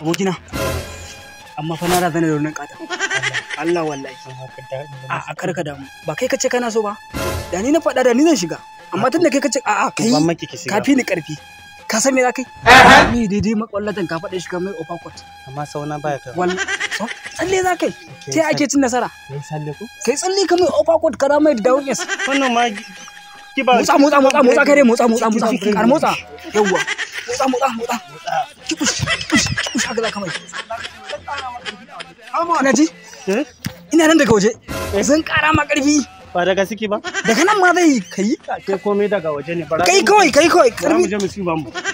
abokina amma fa na razana da wannan kata Allah wallahi a karka damu ba kai kace kana so ba da ni na faɗa da ni zan shiga amma tun da kai kace a'a kai kafi ni karfi ka san me za kai ni daidai makwallatan ka faɗa shiga mai court amma sauna baya kai wallahi tsalle za kai sai ake cin nasara kai tsalle ka mai ofakot kara mai da dawon yes wannan ma motsa motsa motsa motsa kare motsa motsa motsa kar motsa motsa motsa motsa da za amma na ji eh? ina nan daga waje eh? zan kara ma karfi ba daga siki ba daga nan ma zai kai kai komai daga waje ne kai kawai kai karfi mu je mu